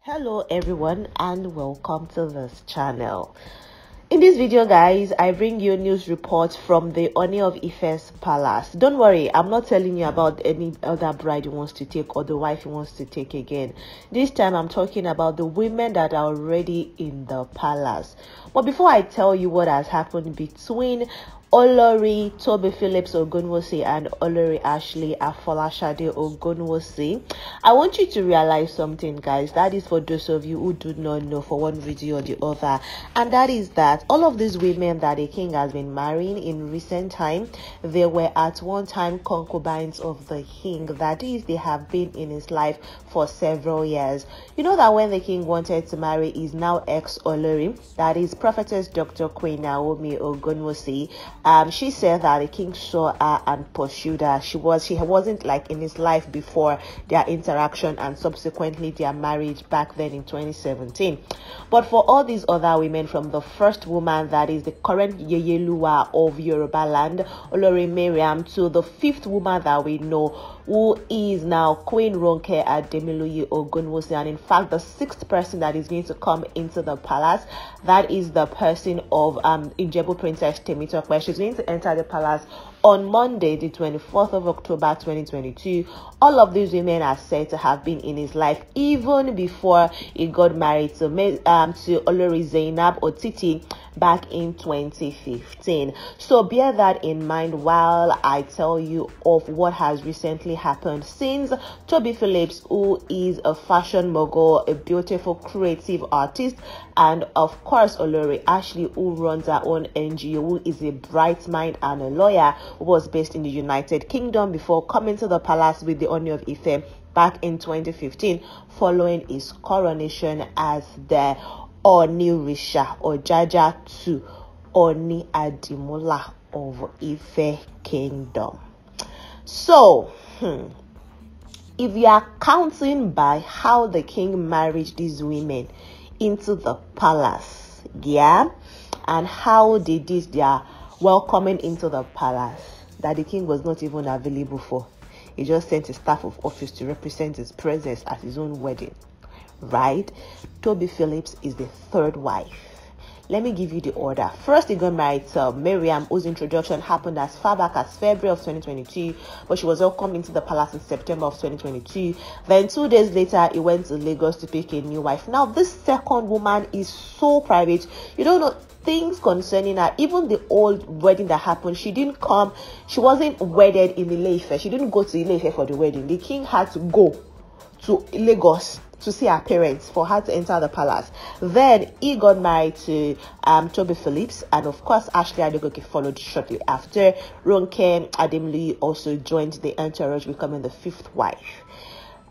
Hello everyone and welcome to this channel in this video guys, I bring you news report from the Oni of Ife's palace. Don't worry, I'm not telling you about any other bride he wants to take or the wife he wants to take again. This time I'm talking about the women that are already in the palace. But before I tell you what has happened between Olori Toby Phillips Ogunwosi and Olori Ashley Afolashade Ogunwosi. I want you to realize something, guys. That is for those of you who do not know for one reason or the other. And that is that all of these women that the king has been marrying in recent time, they were at one time concubines of the king. That is, they have been in his life for several years. You know that when the king wanted to marry his now ex Olori, that is prophetess Dr. Queen Naomi Ogunwosi, um, she said that the king saw her and pursued her. She was she wasn't like in his life before their interaction and subsequently their marriage back then in 2017. But for all these other women, from the first woman that is the current Yeyelua of Yoruba land, Olori Miriam, to the fifth woman that we know, who is now Queen Ronke Ademiluyi Ogunwusi. And in fact, the sixth person that is going to come into the palace, that is the person of um, Injebu Princess Temitope. She's going to enter the palace on Monday, the 24th of October 2022, all of these women are said to have been in his life even before he got married to, um, to Olori Zainab Otiti back in 2015. So bear that in mind while I tell you of what has recently happened since Toby Phillips, who is a fashion mogul, a beautiful creative artist, and of course Olori Ashley, who runs her own NGO, who is a bright mind and a lawyer was based in the United Kingdom before coming to the palace with the honor of Ife back in 2015 following his coronation as the Risha or Jaja to Oni Adimula of Ife Kingdom. So, hmm, if you are counting by how the king married these women into the palace, yeah, and how they did their welcoming into the palace that the king was not even available for. He just sent a staff of office to represent his presence at his own wedding. Right? Toby Phillips is the third wife let me give you the order. First, the got married to uh, Miriam, whose introduction happened as far back as February of 2022, but she was welcomed into the palace in September of 2022. Then, two days later, he went to Lagos to pick a new wife. Now, this second woman is so private. You don't know things concerning her. Even the old wedding that happened, she didn't come. She wasn't wedded in Ileife. She didn't go to Ileife for the wedding. The king had to go to Lagos to see her parents for her to enter the palace. Then he got married to um, Toby Phillips, and of course, Ashley Adegoke followed shortly after. Ronke Lee also joined the entourage, becoming the fifth wife.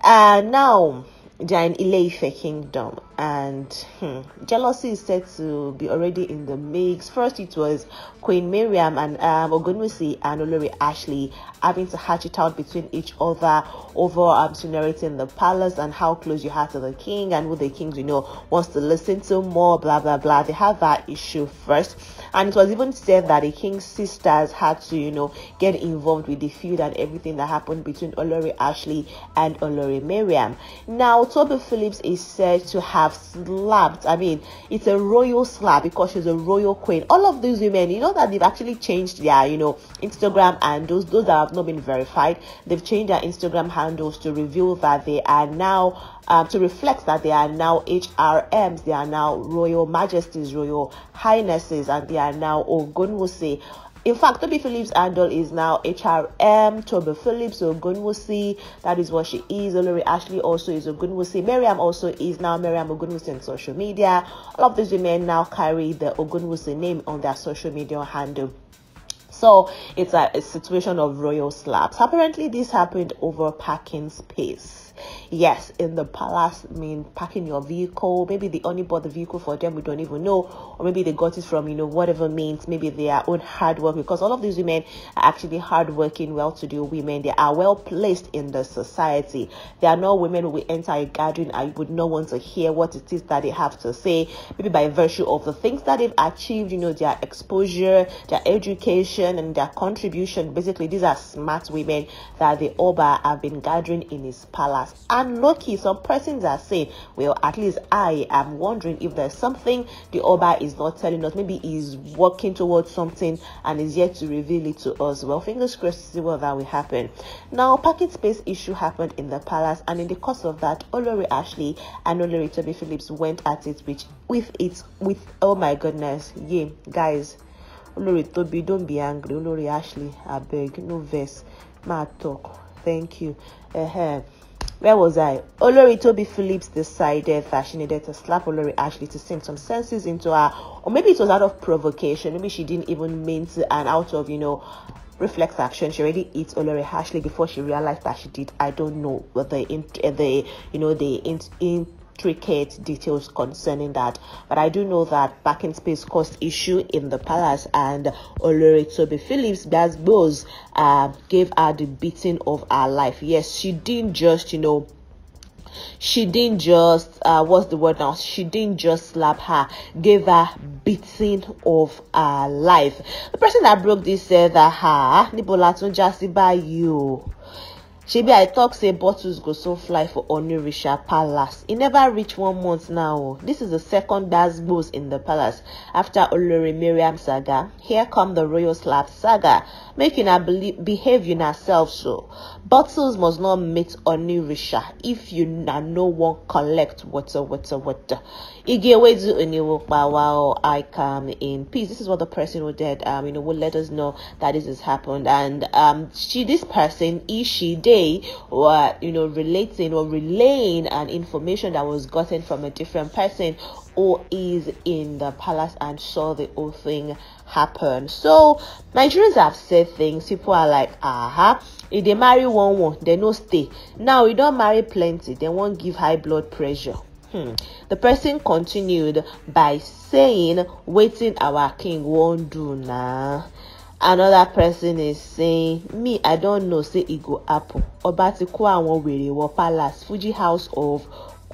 And uh, now, they are in Ileife kingdom and hmm, jealousy is said to be already in the mix. First it was Queen Miriam and um, Ogunwusi and Olori Ashley having to hatch it out between each other over um, seniority in the palace and how close you are to the king and who the king you know wants to listen to more blah blah blah. They have that issue first and it was even said that the king's sisters had to, you know, get involved with the feud and everything that happened between Olori Ashley and Olori Miriam. Now, Toby Phillips is said to have slapped, I mean, it's a royal slap because she's a royal queen. All of these women, you know, that they've actually changed their, you know, Instagram and those, those that have not been verified, they've changed their Instagram handles to reveal that they are now um, to reflect that they are now HRMs, they are now Royal Majesties, Royal Highnesses, and they are now Ogunwusi. In fact, Toby Phillips Andal is now HRM, Toby Phillips Ogunwusi, that is what she is. Olori Ashley also is Ogunwusi. Miriam also is now Miriam Ogunwusi on social media. All of these women now carry the Ogunwusi name on their social media handle. So it's a, a situation of royal slaps. Apparently, this happened over parking space. Yes, in the palace I mean parking your vehicle. Maybe they only bought the vehicle for them, we don't even know. Or maybe they got it from, you know, whatever means, maybe their own hard work. Because all of these women are actually hardworking, well to do women. They are well placed in the society. There are no women who will enter a gathering I would not want to hear what it is that they have to say. Maybe by virtue of the things that they've achieved, you know, their exposure, their education, and their contribution. Basically, these are smart women that the Oba have been gathering in his palace. And lucky Some persons are saying, well, at least I am wondering if there's something the Oba is not telling us. Maybe he's working towards something and is yet to reveal it to us. Well, fingers crossed to see what that will happen. Now, parking space issue happened in the palace, and in the course of that, Olori Ashley and Olori Toby Phillips went at it with, with it with oh my goodness, yeah, guys. Olori Toby, don't be angry. Olori Ashley, I beg, no verse. Ma talk. Thank you. Uh-huh. Where was I? Olori Toby Phillips decided that she needed to slap Olori Ashley to sink some senses into her, or maybe it was out of provocation. Maybe she didn't even mean to, and out of you know reflex action she already eats olori ashley before she realized that she did i don't know whether the in the you know the in, in intricate details concerning that. But I do know that parking space cost issue in the palace and Oloritobe Phillips Basbos uh, gave her the beating of her life. Yes, she didn't just, you know, she didn't just uh, what's the word now she didn't just slap her gave her beating of her life the person that broke this said that her nibola tunja by you shebi i talk say bottles go so fly for Onurisha palace It never reach one month now oh. This is the second boost in the palace after olori miriam saga here come the royal slap saga make una behave una so bottles must not meet Onurisha if you na no one collect water water water igewedu oniwopawa Wow, oh, i come in peace this is what the person who did um you know will let us know that this has happened and um she this person is she dead? way or you know relating or relaying an information that was gotten from a different person or is in the palace and saw the whole thing happen. So Nigerians have said things. People are like, aha, uh-huh. if they marry one one, they no stay. Now we don't marry plenty, they won't give high blood pressure. Hmm. The person continued by saying, waiting our king won't do now. Nah. another person is saying me i don't know say e go happen ọba ti kó àwọn wèrè wọ palace fuji house of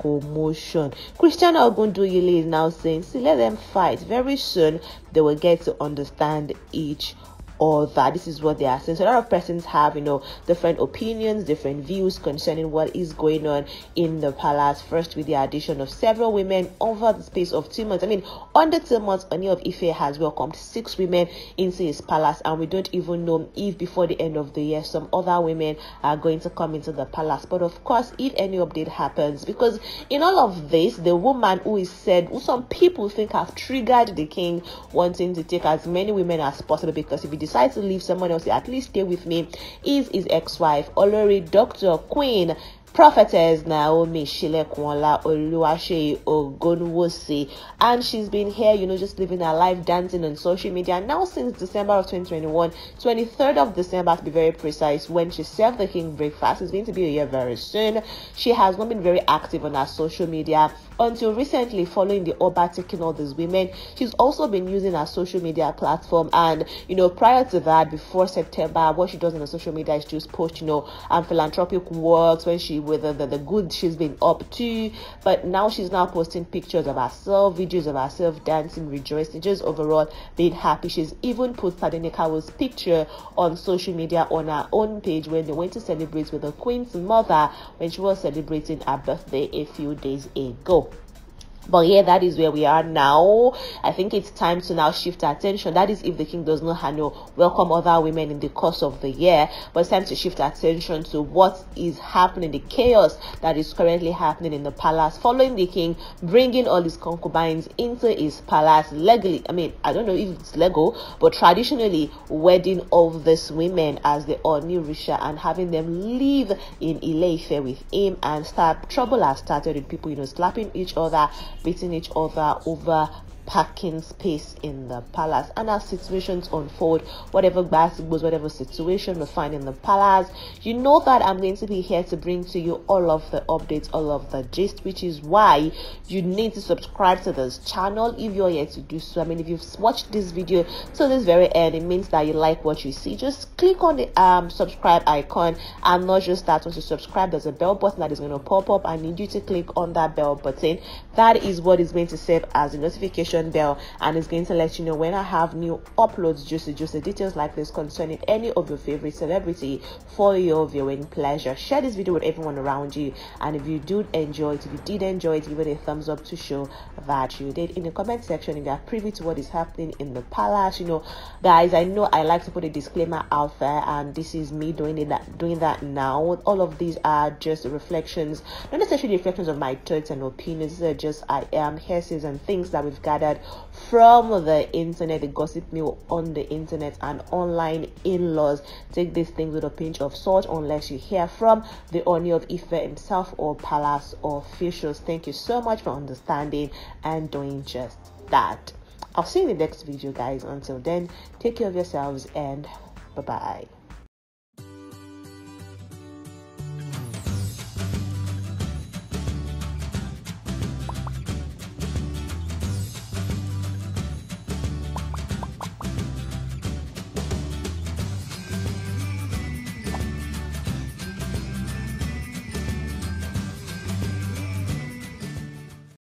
commotion christian ogundoyele is now saying see let them fight very soon they will get to understand each or that this is what they are saying. So a lot of persons have, you know, different opinions, different views concerning what is going on in the palace. First, with the addition of several women over the space of two months. I mean, under two months, Oni of Ife has welcomed six women into his palace, and we don't even know if before the end of the year some other women are going to come into the palace. But of course, if any update happens, because in all of this, the woman who is said, who some people think have triggered the king, wanting to take as many women as possible, because if it decides to leave someone else, at least stay with me, is his ex-wife, Olori Dr. Queen Prophetess Naomi Shilekwala Oluwase Ogunwusi, and she's been here, you know, just living her life, dancing on social media now since December of 2021, 23rd of December to be very precise, when she served the King breakfast. It's going to be a year very soon. She has not been very active on her social media until recently, following the Oba taking all these women. She's also been using her social media platform, and you know, prior to that, before September, what she does on her social media is just post, you know, and philanthropic works when she whether the, the good she's been up to. But now she's now posting pictures of herself, videos of herself dancing, rejoicing, just overall being happy. She's even put Tadenikawa's picture on social media on her own page when they went to celebrate with the Queen's mother when she was celebrating her birthday a few days ago. But yeah, that is where we are now. I think it's time to now shift attention. That is if the king does not handle welcome other women in the course of the year. But it's time to shift attention to what is happening, the chaos that is currently happening in the palace following the king bringing all his concubines into his palace legally. I mean, I don't know if it's legal, but traditionally wedding of these women as they are new Risha and having them live in Ileife with him and start trouble has started with people, you know, slapping each other beating each other over parking space in the palace. And as situations unfold, whatever basketballs, whatever situation we find in the palace, you know that I'm going to be here to bring to you all of the updates, all of the gist, which is why you need to subscribe to this channel if you're yet to do so. I mean, if you've watched this video to this very end, it means that you like what you see. Just click on the um subscribe icon and not just that. Once you subscribe, there's a bell button that is going to pop up. I need you to click on that bell button. That is what is going to serve as a notification notification bell and it's going to let you know when I have new uploads, juicy, juicy details like this concerning any of your favorite celebrity for your viewing pleasure. Share this video with everyone around you. And if you do enjoy it, if you did enjoy it, give it a thumbs up to show that you did. In the comment section, if you are privy to what is happening in the palace, you know, guys, I know I like to put a disclaimer out there, and this is me doing it that doing that now. All of these are just reflections, not necessarily reflections of my thoughts and opinions. are just I am hearses and things that we've gathered from the internet, the gossip mill on the internet and online in laws. Take these things with a pinch of salt unless you hear from the owner of Ife himself or palace officials. Thank you so much for understanding and doing just that. I'll see you in the next video, guys. Until then, take care of yourselves and bye bye.